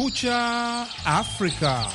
Kumekucha Afrika.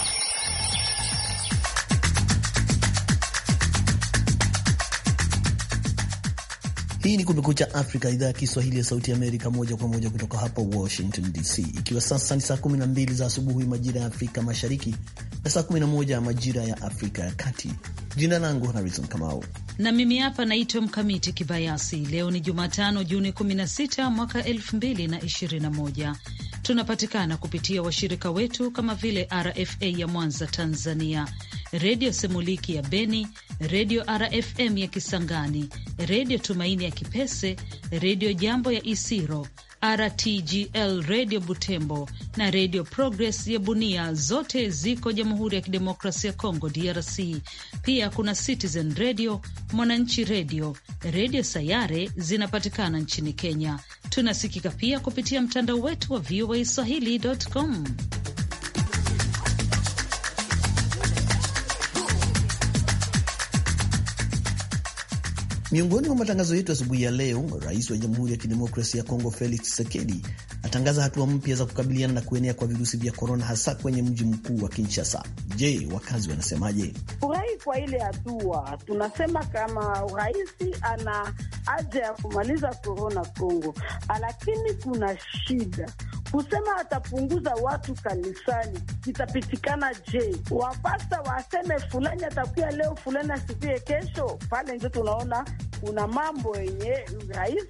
Hii ni Kumekucha Afrika, idhaa ya Kiswahili ya Sauti Amerika, moja kwa moja kutoka hapa Washington DC, ikiwa sasa ni saa 12 za asubuhi majira ya Afrika Mashariki na saa 11 ya majira ya Afrika ya Kati. Jina langu Harizon Kamau na mimi hapa naitwa Mkamiti Kibayasi. Leo ni Jumatano, Juni 16 mwaka 2021. Tunapatikana kupitia washirika wetu kama vile RFA ya Mwanza Tanzania, Redio Semuliki ya Beni, Redio RFM ya Kisangani, Redio Tumaini ya Kipese, Redio Jambo ya Isiro, RTGL redio Butembo na redio Progress ya Bunia, zote ziko Jamhuri ya Kidemokrasia ya Kongo, DRC. Pia kuna Citizen redio, Mwananchi redio, redio Sayare zinapatikana nchini Kenya. Tunasikika pia kupitia mtandao wetu wa VOA swahili.com. Miongoni mwa matangazo yetu asubuhi ya leo, rais wa Jamhuri ya Kidemokrasia ya Kongo Felix Tshisekedi atangaza hatua mpya za kukabiliana na kuenea kwa virusi vya korona, hasa kwenye mji mkuu wa Kinshasa. Je, wakazi wanasemaje? Furahi kwa ile hatua, tunasema kama rahisi ana haja ya kumaliza korona Kongo, lakini kuna shida kusema atapunguza watu kanisani, itapitikana je? Wapasta waseme fulani atakuya leo, fulani asikuye kesho. Pale ndio tunaona kuna mambo yenye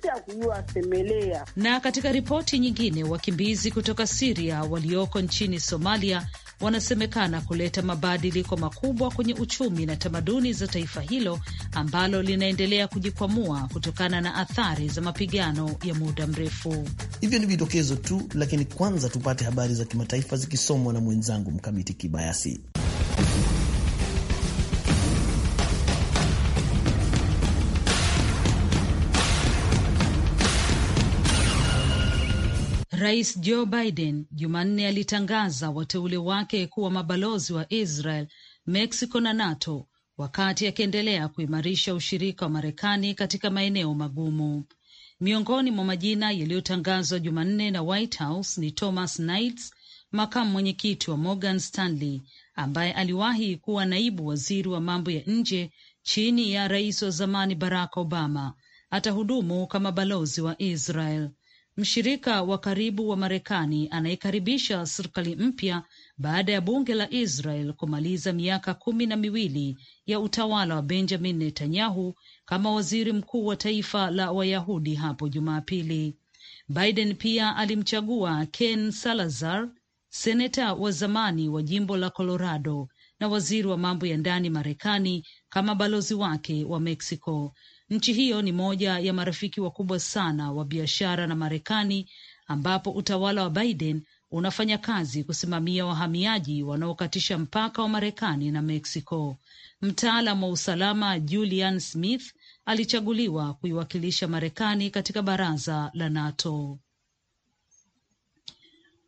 ya akuyua asemelea. Na katika ripoti nyingi wengine wakimbizi kutoka Siria walioko nchini Somalia wanasemekana kuleta mabadiliko makubwa kwenye uchumi na tamaduni za taifa hilo ambalo linaendelea kujikwamua kutokana na athari za mapigano ya muda mrefu. Hivyo ni vidokezo tu, lakini kwanza tupate habari za kimataifa zikisomwa na mwenzangu Mkamiti Kibayasi. Rais Joe Biden Jumanne alitangaza wateule wake kuwa mabalozi wa Israel, Mexico na NATO wakati akiendelea kuimarisha ushirika wa Marekani katika maeneo magumu. Miongoni mwa majina yaliyotangazwa Jumanne na White House ni Thomas Nights, makamu mwenyekiti wa Morgan Stanley, ambaye aliwahi kuwa naibu waziri wa mambo ya nje chini ya rais wa zamani Barack Obama. Atahudumu kama balozi wa Israel mshirika wa karibu wa Marekani anayekaribisha serikali mpya baada ya bunge la Israel kumaliza miaka kumi na miwili ya utawala wa Benjamin Netanyahu kama waziri mkuu wa taifa la Wayahudi hapo Jumapili. Biden pia alimchagua Ken Salazar, seneta wa zamani wa jimbo la Colorado na waziri wa mambo ya ndani Marekani, kama balozi wake wa Mexico Nchi hiyo ni moja ya marafiki wakubwa sana wa biashara na Marekani, ambapo utawala wa Biden unafanya kazi kusimamia wahamiaji wanaokatisha mpaka wa Marekani na Mexico. Mtaalam wa usalama Julian Smith alichaguliwa kuiwakilisha Marekani katika baraza la NATO.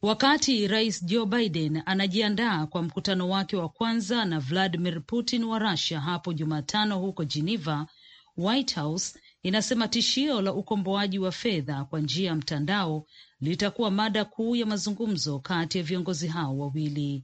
Wakati Rais Joe Biden anajiandaa kwa mkutano wake wa kwanza na Vladimir Putin wa Russia hapo Jumatano huko Geneva, White House inasema tishio la ukomboaji wa fedha kwa njia ya mtandao litakuwa mada kuu ya mazungumzo kati ya viongozi hao wawili.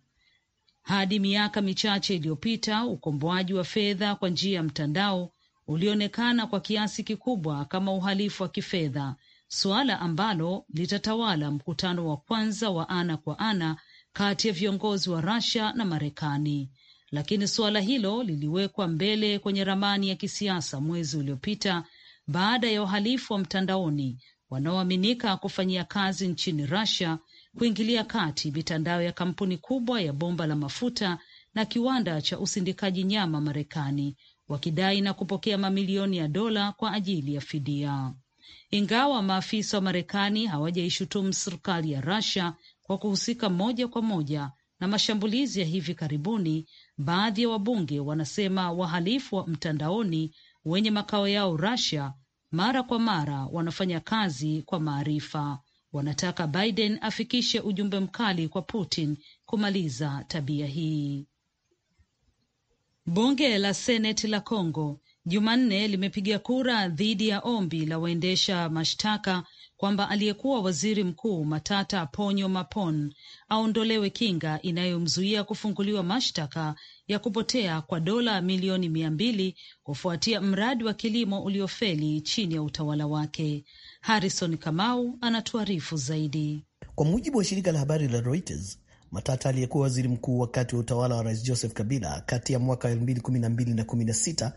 Hadi miaka michache iliyopita, ukomboaji wa fedha kwa njia ya mtandao ulionekana kwa kiasi kikubwa kama uhalifu wa kifedha, suala ambalo litatawala mkutano wa kwanza wa ana kwa ana kati ya viongozi wa Russia na Marekani lakini suala hilo liliwekwa mbele kwenye ramani ya kisiasa mwezi uliopita baada ya wahalifu wa mtandaoni wanaoaminika kufanyia kazi nchini Russia kuingilia kati mitandao ya kampuni kubwa ya bomba la mafuta na kiwanda cha usindikaji nyama Marekani, wakidai na kupokea mamilioni ya dola kwa ajili ya fidia. Ingawa maafisa wa Marekani hawajaishutumu serikali ya Russia kwa kuhusika moja kwa moja na mashambulizi ya hivi karibuni, baadhi ya wabunge wanasema wahalifu wa mtandaoni wenye makao yao Russia mara kwa mara wanafanya kazi kwa maarifa. Wanataka Biden afikishe ujumbe mkali kwa Putin kumaliza tabia hii. Bunge la Seneti la congo Jumanne limepiga kura dhidi ya ombi la waendesha mashtaka kwamba aliyekuwa waziri mkuu Matata Ponyo Mapon aondolewe kinga inayomzuia kufunguliwa mashtaka ya kupotea kwa dola milioni mia mbili kufuatia mradi wa kilimo uliofeli chini ya utawala wake. Harrison Kamau anatuarifu zaidi. Kwa mujibu wa shirika la habari la Reuters, Matata aliyekuwa waziri mkuu wakati wa utawala wa Rais Joseph Kabila kati ya mwaka 2012 na 16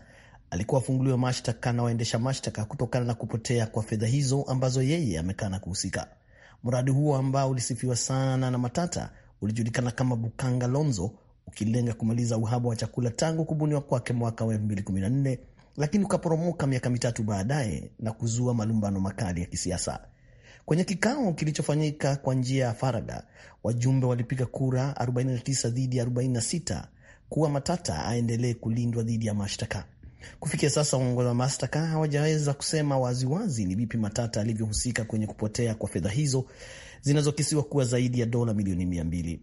alikuwa afunguliwe mashtaka na waendesha mashtaka kutokana na kupotea kwa fedha hizo ambazo yeye amekana kuhusika. Mradi huo ambao ulisifiwa sana na Matata ulijulikana kama Bukanga Lonzo, ukilenga kumaliza uhaba wa chakula tangu kubuniwa kwake mwaka wa 2014 lakini ukaporomoka miaka mitatu baadaye na kuzua malumbano makali ya kisiasa. Kwenye kikao kilichofanyika kwa njia ya faraga, wajumbe walipiga kura 49 dhidi ya 46 kuwa Matata aendelee kulindwa dhidi ya mashtaka. Kufikia sasa uongozi wa Mashtaka hawajaweza kusema waziwazi ni vipi Matata alivyohusika kwenye kupotea kwa fedha hizo zinazokisiwa kuwa zaidi ya dola milioni mia mbili.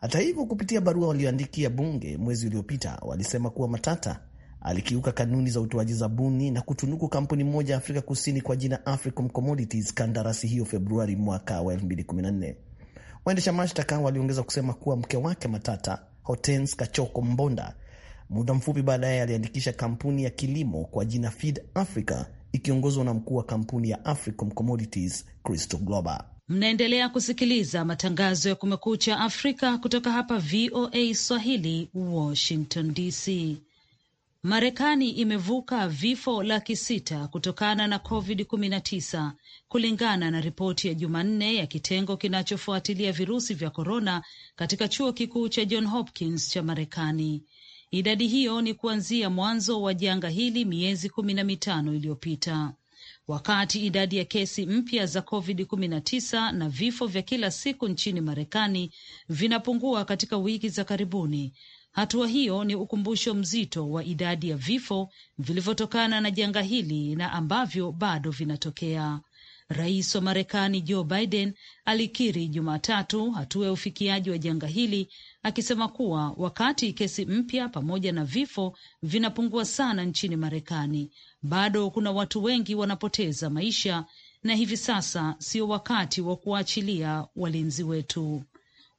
Hata hivyo, kupitia barua walioandikia bunge mwezi uliopita, walisema kuwa Matata alikiuka kanuni za utoaji zabuni na kutunuku kampuni moja ya Afrika Kusini kwa jina Africom Commodities kandarasi hiyo Februari mwaka wa 2014. Waendesha mashtaka waliongeza kusema kuwa mke wake Matata, Hortense Kachoko Mbonda, Muda mfupi baadaye aliandikisha kampuni ya kilimo kwa jina Feed Africa ikiongozwa na mkuu wa kampuni ya Africom Commodities Christo Globa. Mnaendelea kusikiliza matangazo ya Kumekucha Afrika kutoka hapa VOA Swahili, Washington DC. Marekani imevuka vifo laki sita kutokana na COVID-19 kulingana na ripoti ya Jumanne ya kitengo kinachofuatilia virusi vya korona katika chuo kikuu cha John Hopkins cha Marekani. Idadi hiyo ni kuanzia mwanzo wa janga hili miezi kumi na mitano iliyopita. Wakati idadi ya kesi mpya za COVID-19 na vifo vya kila siku nchini Marekani vinapungua katika wiki za karibuni, hatua hiyo ni ukumbusho mzito wa idadi ya vifo vilivyotokana na janga hili na ambavyo bado vinatokea. Rais wa Marekani Joe Biden alikiri Jumatatu hatua ya ufikiaji wa janga hili akisema kuwa wakati kesi mpya pamoja na vifo vinapungua sana nchini Marekani, bado kuna watu wengi wanapoteza maisha, na hivi sasa sio wakati wa kuwaachilia walinzi wetu.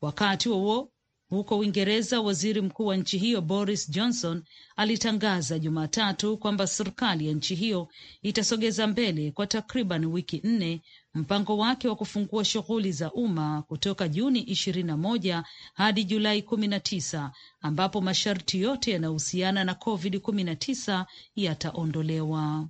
Wakati huo huko Uingereza, waziri mkuu wa nchi hiyo Boris Johnson alitangaza Jumatatu kwamba serikali ya nchi hiyo itasogeza mbele kwa takriban wiki nne mpango wake wa kufungua shughuli za umma kutoka Juni 21 hadi Julai 19 ambapo masharti yote yanayohusiana na COVID 19 yataondolewa.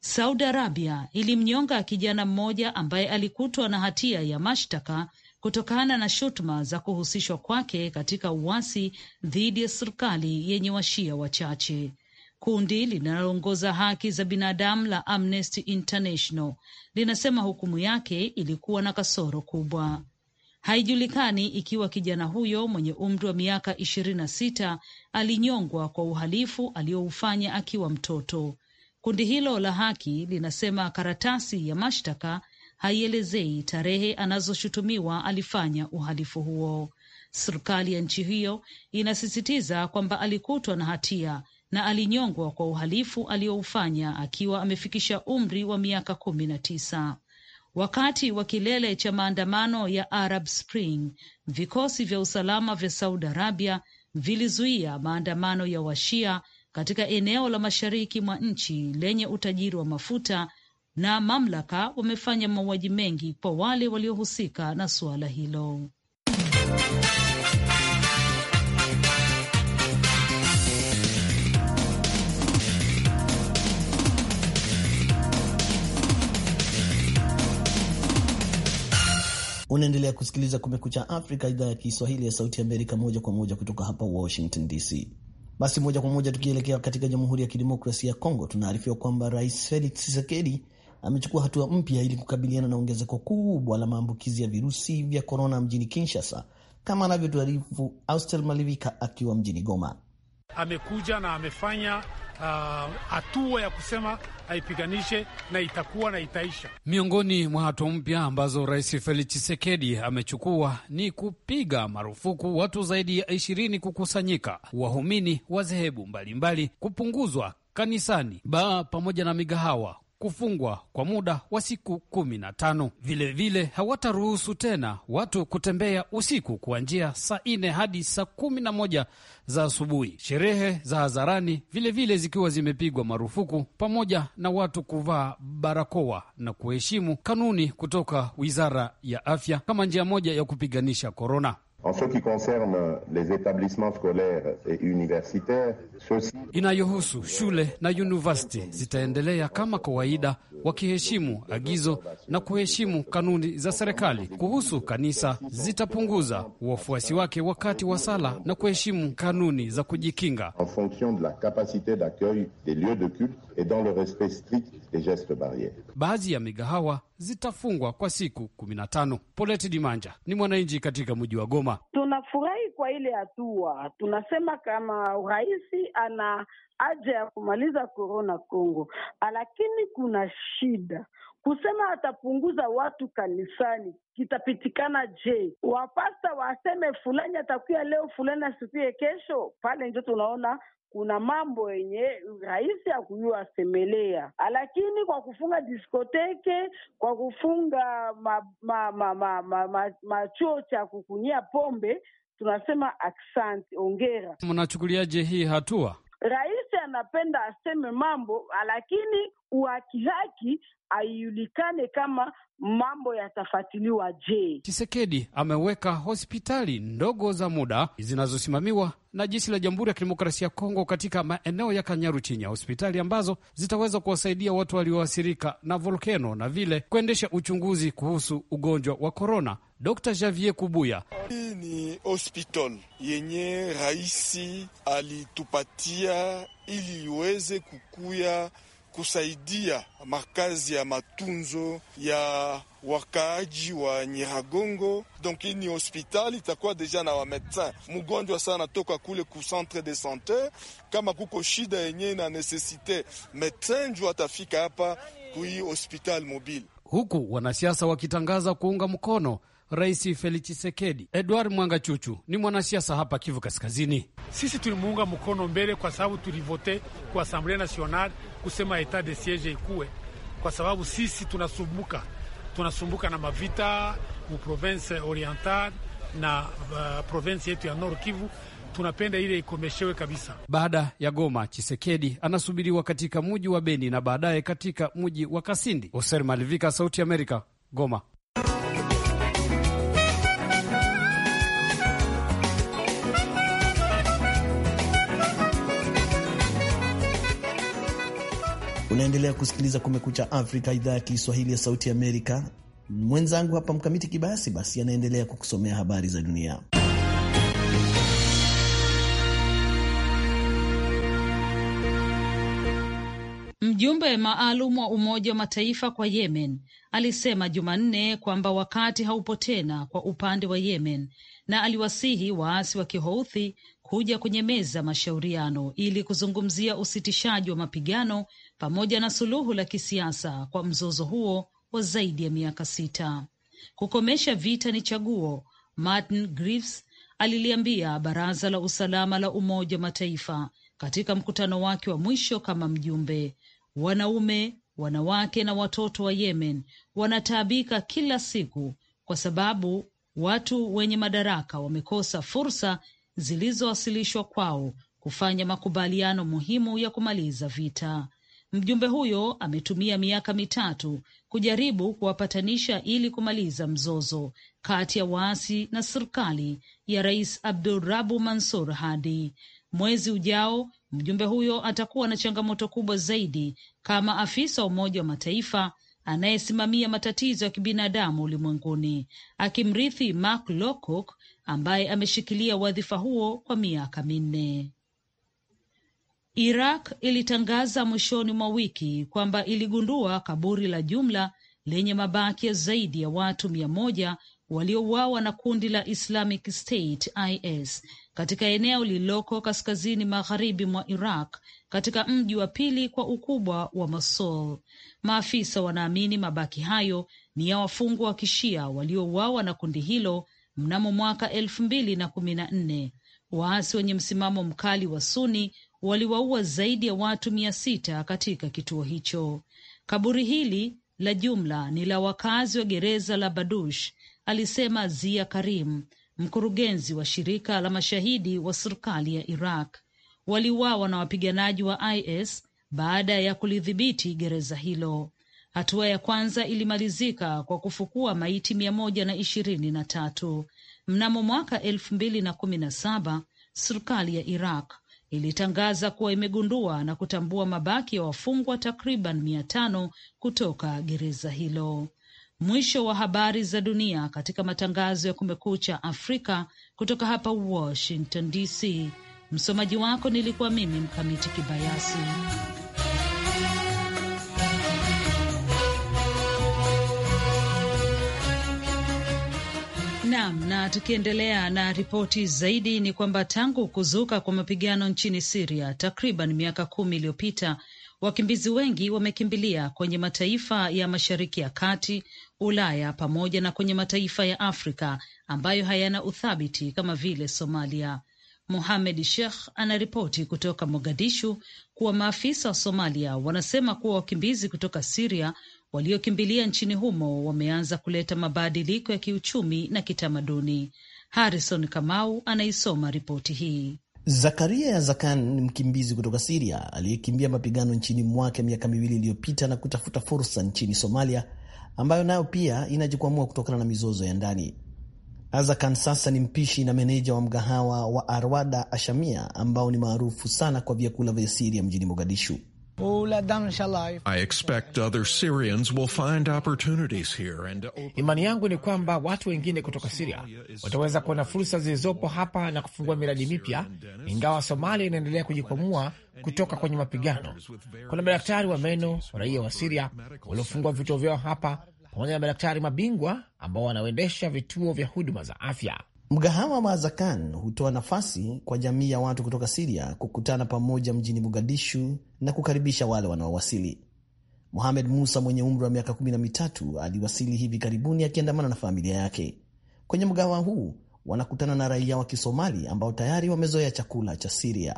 Saudi Arabia ilimnyonga kijana mmoja ambaye alikutwa na hatia ya mashtaka kutokana na shutuma za kuhusishwa kwake katika uasi dhidi ya serikali yenye washia wachache. Kundi linaloongoza haki za binadamu la Amnesty International linasema hukumu yake ilikuwa na kasoro kubwa. Haijulikani ikiwa kijana huyo mwenye umri wa miaka ishirini na sita alinyongwa kwa uhalifu aliyoufanya akiwa mtoto. Kundi hilo la haki linasema karatasi ya mashtaka haielezei tarehe anazoshutumiwa alifanya uhalifu huo. Serikali ya nchi hiyo inasisitiza kwamba alikutwa na hatia na alinyongwa kwa uhalifu aliyoufanya akiwa amefikisha umri wa miaka kumi na tisa. Wakati wa kilele cha maandamano ya Arab Spring, vikosi vya usalama vya Saudi Arabia vilizuia maandamano ya Washia katika eneo la mashariki mwa nchi lenye utajiri wa mafuta na mamlaka wamefanya mauaji mengi kwa wale waliohusika na suala hilo. Unaendelea kusikiliza Kumekucha Afrika, idhaa ya Kiswahili ya Sauti Amerika, moja kwa moja kutoka hapa Washington DC. Basi moja kwa moja tukielekea katika Jamhuri ya Kidemokrasia ya Kongo, tunaarifiwa kwamba Rais Felix Tshisekedi amechukua hatua mpya ili kukabiliana na ongezeko kubwa la maambukizi ya virusi vya korona mjini Kinshasa, kama anavyotuarifu Austel Malivika akiwa mjini Goma. Amekuja na amefanya uh, hatua uh, ya kusema aipiganishe na itakuwa na itaisha. Miongoni mwa hatua mpya ambazo Rais Felix chisekedi amechukua ni kupiga marufuku watu zaidi ya ishirini kukusanyika, wahumini wa dhehebu mbalimbali kupunguzwa kanisani, baa pamoja na migahawa kufungwa kwa muda wa siku kumi na tano. Vilevile hawataruhusu tena watu kutembea usiku kuanzia saa nne hadi saa kumi na moja za asubuhi. Sherehe za hadharani vilevile zikiwa zimepigwa marufuku, pamoja na watu kuvaa barakoa na kuheshimu kanuni kutoka Wizara ya Afya kama njia moja ya kupiganisha korona. En ce qui concerne les établissements scolaires et universitaires, ceci... inayohusu shule na university zitaendelea kama kawaida, wakiheshimu agizo na kuheshimu kanuni za serikali. Kuhusu kanisa, zitapunguza wafuasi wake wakati wa sala na kuheshimu kanuni za kujikinga. En fonction de la capacité d'accueil des lieux de culte et dans le respect strict des gestes barrières. Baadhi ya migahawa zitafungwa kwa siku kumi na tano. Poleti Dimanja ni mwananchi katika mji wa Goma. Tunafurahi kwa ile hatua, tunasema kama urahisi ana haja ya kumaliza korona Kongo, lakini kuna shida kusema atapunguza watu kanisani kitapitikana je? Wapasta waseme fulani atakuya leo fulani asikuye kesho, pale ndio tunaona kuna mambo yenye rahisi ya kuyua semelea, lakini kwa kufunga diskoteke, kwa kufunga machuo ma, ma, ma, ma, ma, ma cha kukunyia pombe, tunasema aksant ongera. Mnachukuliaje hii hatua? Rais anapenda aseme mambo, lakini uhakihaki haki aijulikane kama mambo yatafatiliwa. Je, Chisekedi ameweka hospitali ndogo za muda zinazosimamiwa na jeshi la Jamhuri ya Kidemokrasia ya Kongo katika maeneo ya Kanyaru Chinya, hospitali ambazo zitaweza kuwasaidia watu walioathirika na volkeno na vile kuendesha uchunguzi kuhusu ugonjwa wa korona. Dr. Javier Kubuya: hii ni hospital yenye raisi alitupatia ili iweze kukuya kusaidia makazi ya matunzo ya wakaaji wa Nyiragongo. Donc hii ni hospitali itakuwa deja na wamedecin. Mgonjwa sana anatoka kule ku centre de sante, kama kuko shida yenye na nesesite medecin njuu atafika hapa kui hospital mobile, huku wanasiasa wakitangaza kuunga mkono Rais Felix chisekedi Edward Mwanga Chuchu ni mwanasiasa hapa Kivu Kaskazini. Sisi tulimuunga mkono mbele kwa sababu tulivote kwa Asamblea Nationale kusema etat de siege ikuwe, kwa sababu sisi tunasumbuka, tunasumbuka na mavita mu province oriental na uh, province yetu ya Nord Kivu tunapenda ile ikomeshewe kabisa. Baada ya Goma, Chisekedi anasubiriwa katika muji wa Beni na baadaye katika muji wa Kasindi. Oser Malivika, Sauti Amerika, Goma. Unaendelea kusikiliza Kumekucha Afrika, idhaa ya Kiswahili ya Sauti Amerika. Mwenzangu hapa Mkamiti Kibayasi basi anaendelea kukusomea habari za dunia. Mjumbe maalum wa Umoja wa Mataifa kwa Yemen alisema Jumanne kwamba wakati haupo tena kwa upande wa Yemen, na aliwasihi waasi wa Kihouthi kuja kwenye meza mashauriano ili kuzungumzia usitishaji wa mapigano pamoja na suluhu la kisiasa kwa mzozo huo wa zaidi ya miaka sita. Kukomesha vita ni chaguo, Martin Griffiths aliliambia Baraza la Usalama la Umoja wa Mataifa katika mkutano wake wa mwisho kama mjumbe. Wanaume, wanawake na watoto wa Yemen wanataabika kila siku kwa sababu watu wenye madaraka wamekosa fursa zilizowasilishwa kwao kufanya makubaliano muhimu ya kumaliza vita. Mjumbe huyo ametumia miaka mitatu kujaribu kuwapatanisha ili kumaliza mzozo kati ya waasi na serikali ya Rais Abdurabu Mansur Hadi. Mwezi ujao mjumbe huyo atakuwa na changamoto kubwa zaidi kama afisa wa Umoja wa Mataifa anayesimamia matatizo ya kibinadamu ulimwenguni, akimrithi Mark Lowcock ambaye ameshikilia wadhifa huo kwa miaka minne. Iraq ilitangaza mwishoni mwa wiki kwamba iligundua kaburi la jumla lenye mabaki ya zaidi ya watu mia moja waliouawa na kundi la Islamic State IS katika eneo lililoko kaskazini magharibi mwa Iraq katika mji wa pili kwa ukubwa wa Mosul. Maafisa wanaamini mabaki hayo ni ya wafungwa wa kishia waliouawa na kundi hilo mnamo mwaka elfu mbili na kumi na nne waasi wenye msimamo mkali wa Suni waliwaua zaidi ya watu mia sita katika kituo hicho. Kaburi hili la jumla ni la wakazi wa gereza la Badush, alisema Zia Karim, mkurugenzi wa shirika la mashahidi wa serikali ya Iraq. Waliuawa na wapiganaji wa IS baada ya kulidhibiti gereza hilo. Hatua ya kwanza ilimalizika kwa kufukua maiti mia moja na ishirini na tatu. Mnamo mwaka elfu mbili na kumi na saba serikali ya Iraq ilitangaza kuwa imegundua na kutambua mabaki ya wafungwa takriban mia tano kutoka gereza hilo. Mwisho wa habari za dunia katika matangazo ya Kumekucha Afrika kutoka hapa Washington DC. Msomaji wako nilikuwa mimi Mkamiti Kibayasi. Naam, na tukiendelea na ripoti zaidi ni kwamba tangu kuzuka kwa mapigano nchini Siria takriban miaka kumi iliyopita wakimbizi wengi wamekimbilia kwenye mataifa ya Mashariki ya Kati, Ulaya pamoja na kwenye mataifa ya Afrika ambayo hayana uthabiti kama vile Somalia. Mohamed Sheikh anaripoti kutoka Mogadishu kuwa maafisa wa Somalia wanasema kuwa wakimbizi kutoka Siria waliokimbilia nchini humo wameanza kuleta mabadiliko ya kiuchumi na kitamaduni. Harrison Kamau anaisoma ripoti hii. Zakaria Zakan ni mkimbizi kutoka Siria aliyekimbia mapigano nchini mwake miaka miwili iliyopita na kutafuta fursa nchini Somalia, ambayo nayo pia inajikwamua kutokana na mizozo ya ndani. Azakan sasa ni mpishi na meneja wa mgahawa wa Arwada Ashamia ambao ni maarufu sana kwa vyakula vya Siria mjini Mogadishu. I expect other Syrians will find opportunities here and... Imani yangu ni kwamba watu wengine kutoka Siria wataweza kuona fursa zilizopo hapa na kufungua miradi mipya. Ingawa Somalia inaendelea kujikwamua kutoka kwenye mapigano, kuna madaktari wa meno raia wa Siria waliofungua vituo vyao hapa, pamoja na madaktari mabingwa ambao wanaoendesha vituo vya huduma za afya. Mgahawa wa Azakan hutoa nafasi kwa jamii ya watu kutoka Siria kukutana pamoja mjini Mogadishu na kukaribisha wale wanaowasili. Mohamed Musa mwenye umri wa miaka 13 aliwasili hivi karibuni akiandamana na familia yake. Kwenye mgahawa huu wanakutana na raia wa Kisomali ambao tayari wamezoea chakula cha Siria.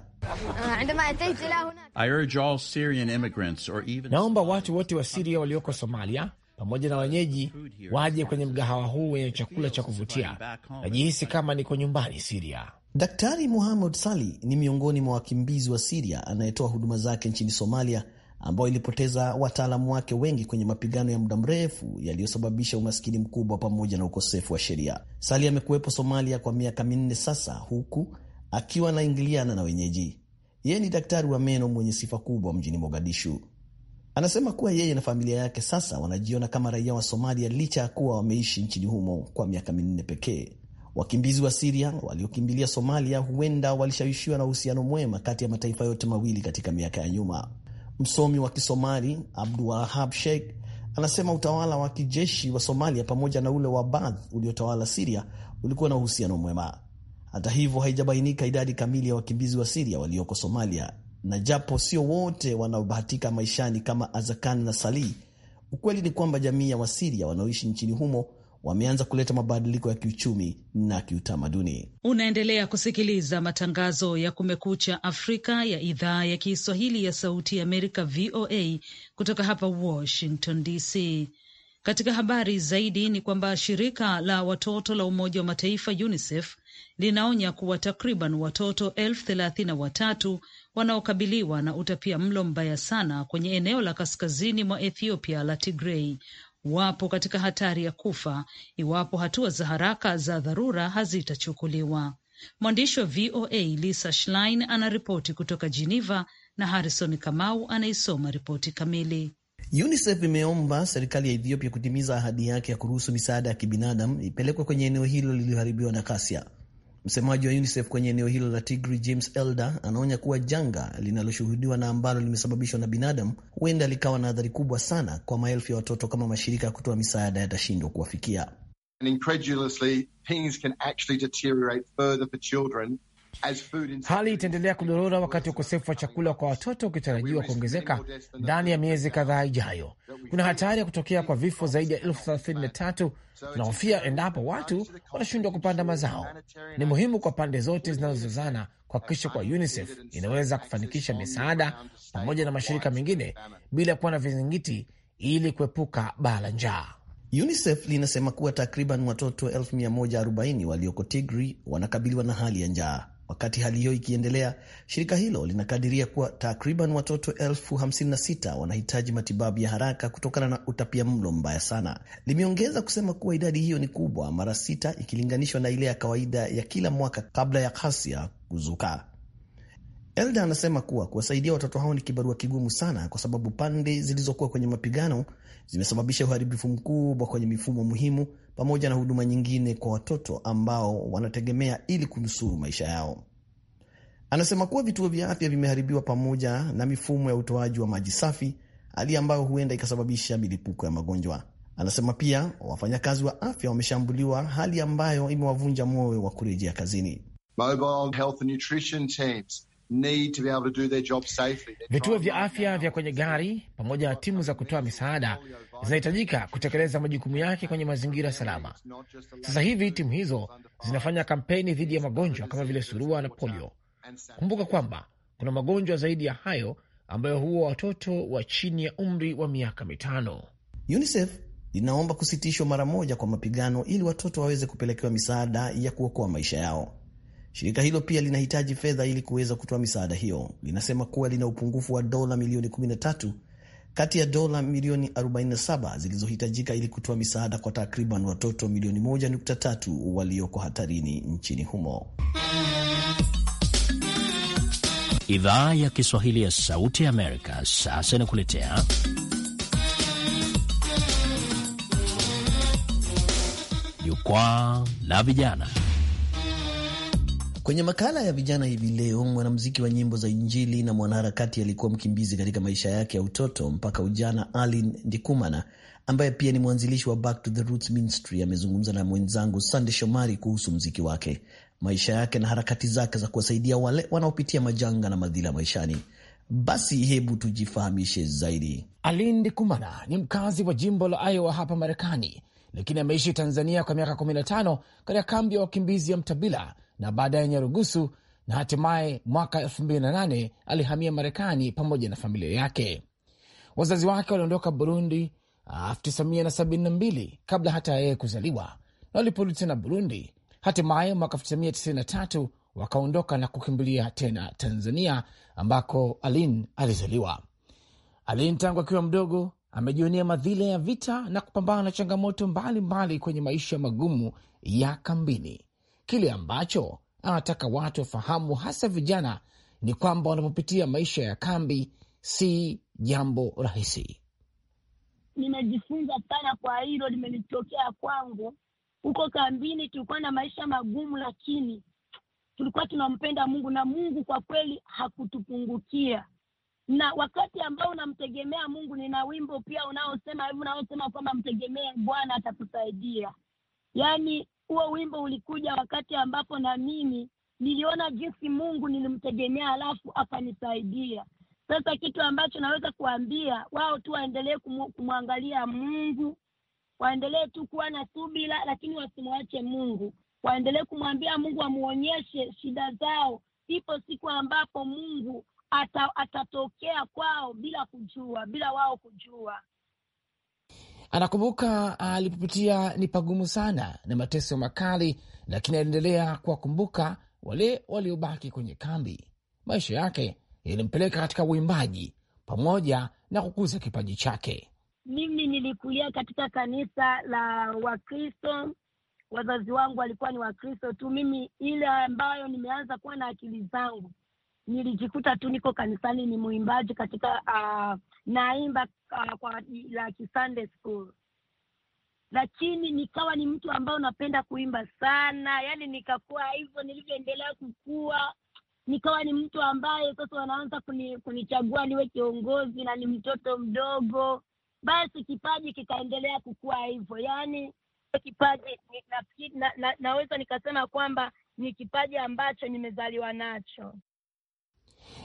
Naomba watu wote wa Siria walioko Somalia pamoja na wenyeji waje kwenye mgahawa huu wenye chakula cha kuvutia. Najihisi kama niko nyumbani Siria. Daktari Muhammad Sali ni miongoni mwa wakimbizi wa Siria anayetoa huduma zake nchini Somalia, ambayo ilipoteza wataalamu wake wengi kwenye mapigano ya muda mrefu yaliyosababisha umaskini mkubwa pamoja na ukosefu wa sheria. Sali amekuwepo Somalia kwa miaka minne sasa, huku akiwa anaingiliana na wenyeji. Yeye ni daktari wa meno mwenye sifa kubwa mjini Mogadishu. Anasema kuwa yeye na familia yake sasa wanajiona kama raia wa Somalia licha ya kuwa wameishi nchini humo kwa miaka minne pekee. Wakimbizi wa Siria waliokimbilia Somalia huenda walishawishiwa na uhusiano mwema kati ya mataifa yote mawili katika miaka ya nyuma. Msomi wa Kisomali Abduwahab Sheikh anasema utawala wa kijeshi wa Somalia pamoja na ule wa Baath uliotawala Siria ulikuwa na uhusiano mwema. Hata hivyo, haijabainika idadi kamili ya wakimbizi wa Siria walioko Somalia, na japo sio wote wanaobahatika maishani kama Azakani na Salih, ukweli ni kwamba jamii ya Wasiria wanaoishi nchini humo wameanza kuleta mabadiliko ya kiuchumi na kiutamaduni. Unaendelea kusikiliza matangazo ya Kumekucha Afrika ya idhaa ya Kiswahili ya Sauti ya Amerika, VOA, kutoka hapa Washington DC. Katika habari zaidi ni kwamba shirika la watoto la Umoja wa Mataifa UNICEF linaonya kuwa takriban watoto elfu thelathini na watatu wanaokabiliwa na utapia mlo mbaya sana kwenye eneo la kaskazini mwa Ethiopia la Tigrei wapo katika hatari ya kufa iwapo hatua za haraka za dharura hazitachukuliwa. Mwandishi wa VOA Lisa Schlein anaripoti kutoka Geneva na Harrison Kamau anaisoma ripoti kamili. UNICEF imeomba serikali ya Ethiopia kutimiza ahadi yake ya kuruhusu misaada ya kibinadamu ipelekwe kwenye eneo hilo lililoharibiwa na kasia. Msemaji wa UNICEF kwenye eneo hilo la Tigri, James Elder, anaonya kuwa janga linaloshuhudiwa na ambalo limesababishwa na binadamu huenda likawa na athari kubwa sana kwa maelfu ya watoto kama mashirika ya kutoa misaada yatashindwa kuwafikia. Hali itaendelea kudorora wakati ukosefu wa chakula kwa watoto ukitarajiwa kuongezeka ndani ya miezi kadhaa ijayo kuna hatari ya kutokea kwa vifo zaidi ya elfu thelathini na tatu tunahofia endapo watu wanashindwa kupanda mazao. Ni muhimu kwa pande zote zinazozozana kuhakikisha kwa UNICEF inaweza kufanikisha misaada pamoja na mashirika mengine bila kuwa na vizingiti ili kuepuka baa la njaa. UNICEF linasema kuwa takriban watoto 140 walioko Tigri wanakabiliwa na hali ya njaa. Wakati hali hiyo ikiendelea, shirika hilo linakadiria kuwa takriban watoto elfu wanahitaji matibabu ya haraka kutokana na utapia mlo mbaya sana. Limeongeza kusema kuwa idadi hiyo ni kubwa mara sita ikilinganishwa na ile ya kawaida ya kila mwaka kabla ya ghasia kuzuka. Elda anasema kuwa kuwasaidia watoto hao ni kibarua kigumu sana, kwa sababu pande zilizokuwa kwenye mapigano zimesababisha uharibifu mkubwa kwenye mifumo muhimu pamoja na huduma nyingine kwa watoto ambao wanategemea ili kunusuru maisha yao. Anasema kuwa vituo vya afya vimeharibiwa pamoja na mifumo ya utoaji wa maji safi, hali ambayo huenda ikasababisha milipuko ya magonjwa. Anasema pia wafanyakazi wa afya wameshambuliwa, hali ambayo imewavunja moyo wa kurejea kazini. Mobile health and nutrition teams need to be able to do their job safely. Vituo vya afya vya kwenye gari pamoja na timu za kutoa misaada zinahitajika kutekeleza majukumu yake kwenye mazingira salama. Sasa hivi timu hizo zinafanya kampeni dhidi ya magonjwa kama vile surua na polio. Kumbuka kwamba kuna magonjwa zaidi ya hayo ambayo huwa watoto wa chini ya umri wa miaka mitano. UNICEF linaomba kusitishwa mara moja kwa mapigano ili watoto waweze kupelekewa misaada ya kuokoa maisha yao. Shirika hilo pia linahitaji fedha ili kuweza kutoa misaada hiyo. Linasema kuwa lina upungufu wa dola milioni 13 kati ya dola milioni 47 zilizohitajika ili kutoa misaada kwa takriban watoto milioni 1.3 walioko hatarini nchini humo. Idhaa ya Kiswahili ya Sauti ya Amerika sasa inakuletea jukwaa la vijana. Kwenye makala ya vijana hivi leo, mwanamuziki wa nyimbo za Injili na mwanaharakati aliyekuwa mkimbizi katika maisha yake ya utoto mpaka ujana, Alin Ndikumana ambaye pia ni mwanzilishi wa Back to the Roots Ministry amezungumza na mwenzangu Sande Shomari kuhusu mziki wake, maisha yake na harakati zake za kuwasaidia wale wanaopitia majanga na madhila maishani. Basi hebu tujifahamishe zaidi. Alin Ndikumana ni mkazi wa jimbo la Iowa hapa Marekani, lakini ameishi Tanzania kwa miaka 15 katika kambi ya wakimbizi ya Mtabila na baadaye Nyarugusu na hatimaye mwaka 2008 alihamia Marekani pamoja na familia yake. Wazazi wake waliondoka Burundi 1972 ah, kabla hata yeye kuzaliwa, na waliporudi tena Burundi hatimaye mwaka 1993 wakaondoka na kukimbilia tena Tanzania ambako Alin alizaliwa. Alin tangu akiwa mdogo amejionia madhila ya vita na kupambana na changamoto mbalimbali mbali kwenye maisha magumu ya kambini. Kile ambacho anataka watu wafahamu, hasa vijana, ni kwamba wanapopitia maisha ya kambi si jambo rahisi. Nimejifunza sana kwa hilo, limenitokea kwangu. Huko kambini tulikuwa na maisha magumu, lakini tulikuwa tunampenda Mungu na Mungu kwa kweli hakutupungukia. Na wakati ambao unamtegemea Mungu, nina wimbo pia unaosema hivi, unaosema kwamba mtegemee Bwana atakusaidia. Yaani huo wimbo ulikuja wakati ambapo na mimi niliona jinsi Mungu nilimtegemea, alafu akanisaidia. Sasa kitu ambacho naweza kuambia wao tu waendelee kumwangalia Mungu, waendelee tu kuwa na subira, lakini wasimwache Mungu, waendelee kumwambia Mungu amuonyeshe shida zao. Ipo siku ambapo Mungu ata, atatokea kwao bila kujua, bila wao kujua. Anakumbuka ah, alipopitia ni pagumu sana na mateso makali, lakini aliendelea kuwakumbuka wale waliobaki kwenye kambi. Maisha yake yalimpeleka katika uimbaji pamoja na kukuza kipaji chake. Mimi nilikulia katika kanisa la Wakristo, wazazi wangu walikuwa ni Wakristo tu. Mimi ile ambayo nimeanza kuwa na akili zangu nilijikuta tu niko kanisani, ni mwimbaji katika uh, naimba uh, kwa la Sunday school, lakini nikawa ni mtu ambaye unapenda kuimba sana, yani nikakuwa hivyo. Nilivyoendelea kukua, nikawa ni mtu ambaye sasa wanaanza kuni, kunichagua niwe kiongozi na ni mtoto mdogo. Basi kipaji kikaendelea kukua hivyo, yani kipaji na, na, na, naweza nikasema kwamba ni kipaji ambacho nimezaliwa nacho.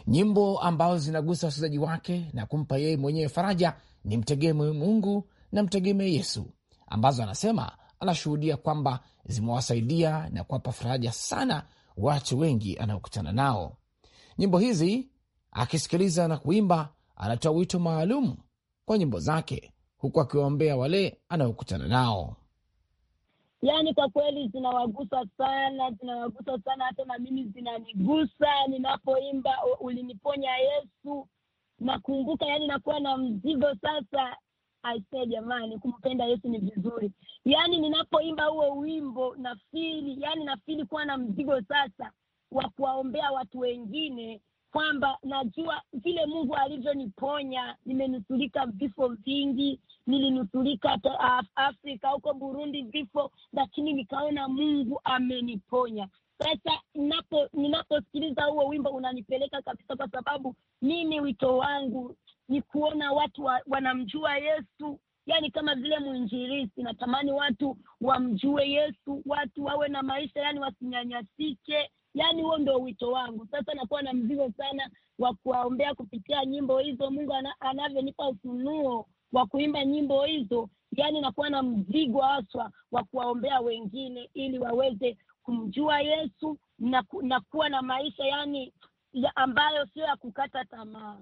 Nyimbo ambazo zinagusa wachezaji wake na kumpa yeye mwenyewe faraja ni Mtegemee Mungu na Mtegemee Yesu, ambazo anasema anashuhudia kwamba zimewasaidia na kuwapa faraja sana watu wengi anaokutana nao. Nyimbo hizi akisikiliza na kuimba, anatoa wito maalum kwa nyimbo zake, huku akiwaombea wale anaokutana nao yani kwa kweli zinawagusa sana, zinawagusa sana, hata na mimi zinanigusa ninapoimba uliniponya Yesu. Nakumbuka yani nakuwa na mzigo sasa aisee, jamani, kumpenda Yesu ni vizuri. yani ninapoimba huo wimbo nafili, yani nafili kuwa na mzigo sasa wa kuwaombea watu wengine kwamba najua vile Mungu alivyoniponya, nimenusurika vifo vingi, nilinusurika Afrika huko Burundi vifo, lakini nikaona Mungu ameniponya. Sasa ninapo ninaposikiliza huo wimbo unanipeleka kabisa, kwa sababu mimi wito wangu ni kuona watu wa, wanamjua Yesu, yani kama vile mwinjilisi, natamani watu wamjue Yesu, watu wawe na maisha yani wasinyanyasike yani huo ndio wito wangu. Sasa nakuwa na mzigo sana wa kuwaombea kupitia nyimbo hizo, Mungu anavyonipa ufunuo wa kuimba nyimbo hizo, yani nakuwa na mzigo haswa wa kuwaombea wengine ili waweze kumjua Yesu na, ku, na kuwa na maisha yani ya ambayo sio ya kukata tamaa.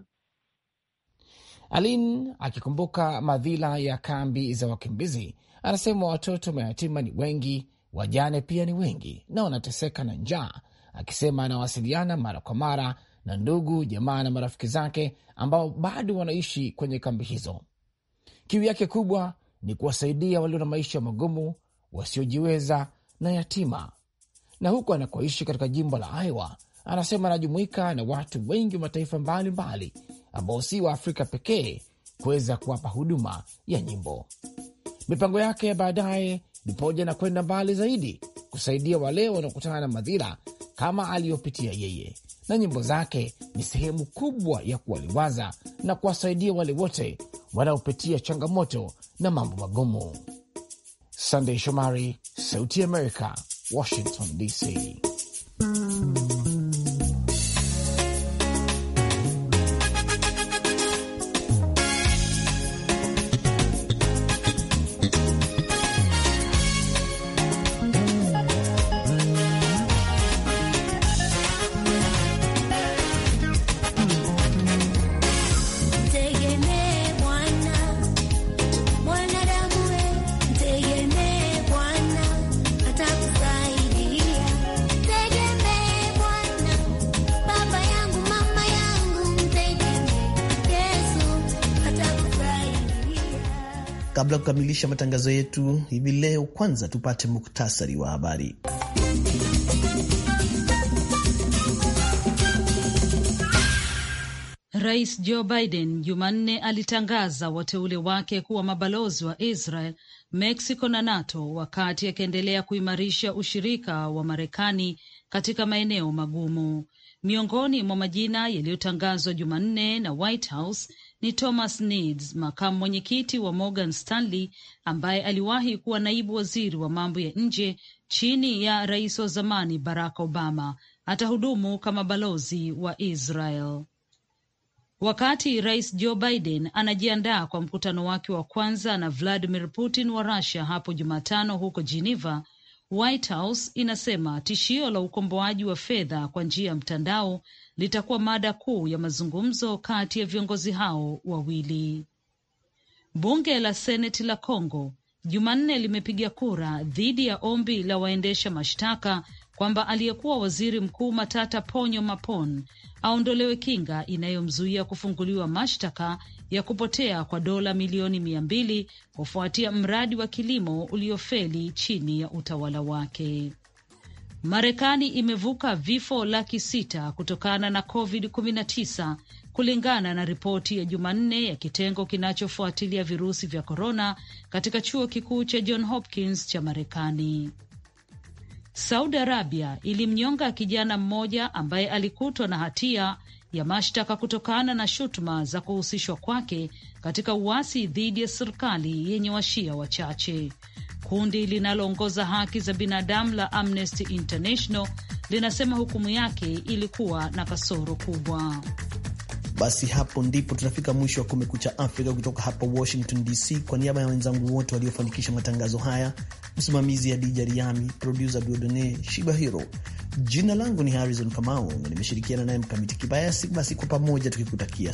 alin akikumbuka madhila ya kambi za wakimbizi, anasema watoto mayatima ni wengi, wajane pia ni wengi, na wanateseka na njaa akisema anawasiliana mara kwa mara na ndugu jamaa na marafiki zake ambao bado wanaishi kwenye kambi hizo. Kiu yake kubwa ni kuwasaidia walio na maisha magumu, wasiojiweza na yatima. Na huku anakoishi katika jimbo la Iowa, anasema anajumuika na watu wengi wa mataifa mbalimbali ambao si wa Afrika pekee kuweza kuwapa huduma ya nyimbo. Mipango yake ya baadaye ni pamoja na kwenda mbali zaidi kusaidia wale wanaokutana na madhira kama aliyopitia yeye, na nyimbo zake ni sehemu kubwa ya kuwaliwaza na kuwasaidia wale wote wanaopitia changamoto na mambo magumu. Sandey Shomari, Sauti ya Amerika, Washington DC. Kabla ya kukamilisha matangazo yetu hivi leo, kwanza tupate muktasari wa habari. Rais Joe Biden Jumanne alitangaza wateule wake kuwa mabalozi wa Israel, Mexico na NATO wakati akiendelea kuimarisha ushirika wa Marekani katika maeneo magumu. Miongoni mwa majina yaliyotangazwa Jumanne na White House ni Thomas Needs, makamu mwenyekiti wa Morgan Stanley ambaye aliwahi kuwa naibu waziri wa mambo ya nje chini ya rais wa zamani Barack Obama. Atahudumu kama balozi wa Israel. Wakati rais Joe Biden anajiandaa kwa mkutano wake wa kwanza na Vladimir Putin wa Russia hapo Jumatano huko Geneva, White House inasema tishio la ukomboaji wa fedha kwa njia ya mtandao litakuwa mada kuu ya mazungumzo kati ya viongozi hao wawili. Bunge la Seneti la congo Jumanne limepiga kura dhidi ya ombi la waendesha mashtaka kwamba aliyekuwa waziri mkuu Matata Ponyo Mapon aondolewe kinga inayomzuia kufunguliwa mashtaka ya kupotea kwa dola milioni mia mbili kufuatia mradi wa kilimo uliofeli chini ya utawala wake. Marekani imevuka vifo laki sita kutokana na COVID-19 kulingana na ripoti ya Jumanne ya kitengo kinachofuatilia virusi vya korona katika chuo kikuu cha John Hopkins cha Marekani. Saudi Arabia ilimnyonga kijana mmoja ambaye alikutwa na hatia ya mashtaka kutokana na shutuma za kuhusishwa kwake katika uasi dhidi ya serikali yenye washia wachache. Kundi linaloongoza haki za binadamu la Amnesty International linasema hukumu yake ilikuwa na kasoro kubwa. Basi hapo ndipo tunafika mwisho wa Kumekucha Afrika kutoka hapa Washington DC. Kwa niaba ya wenzangu wote waliofanikisha matangazo haya, msimamizi Adija Riami, produsa shiba hiro Jina langu ni Harrison Kamau na nimeshirikiana naye Mkamiti Kibayasi. Basi kwa pamoja tukikutakia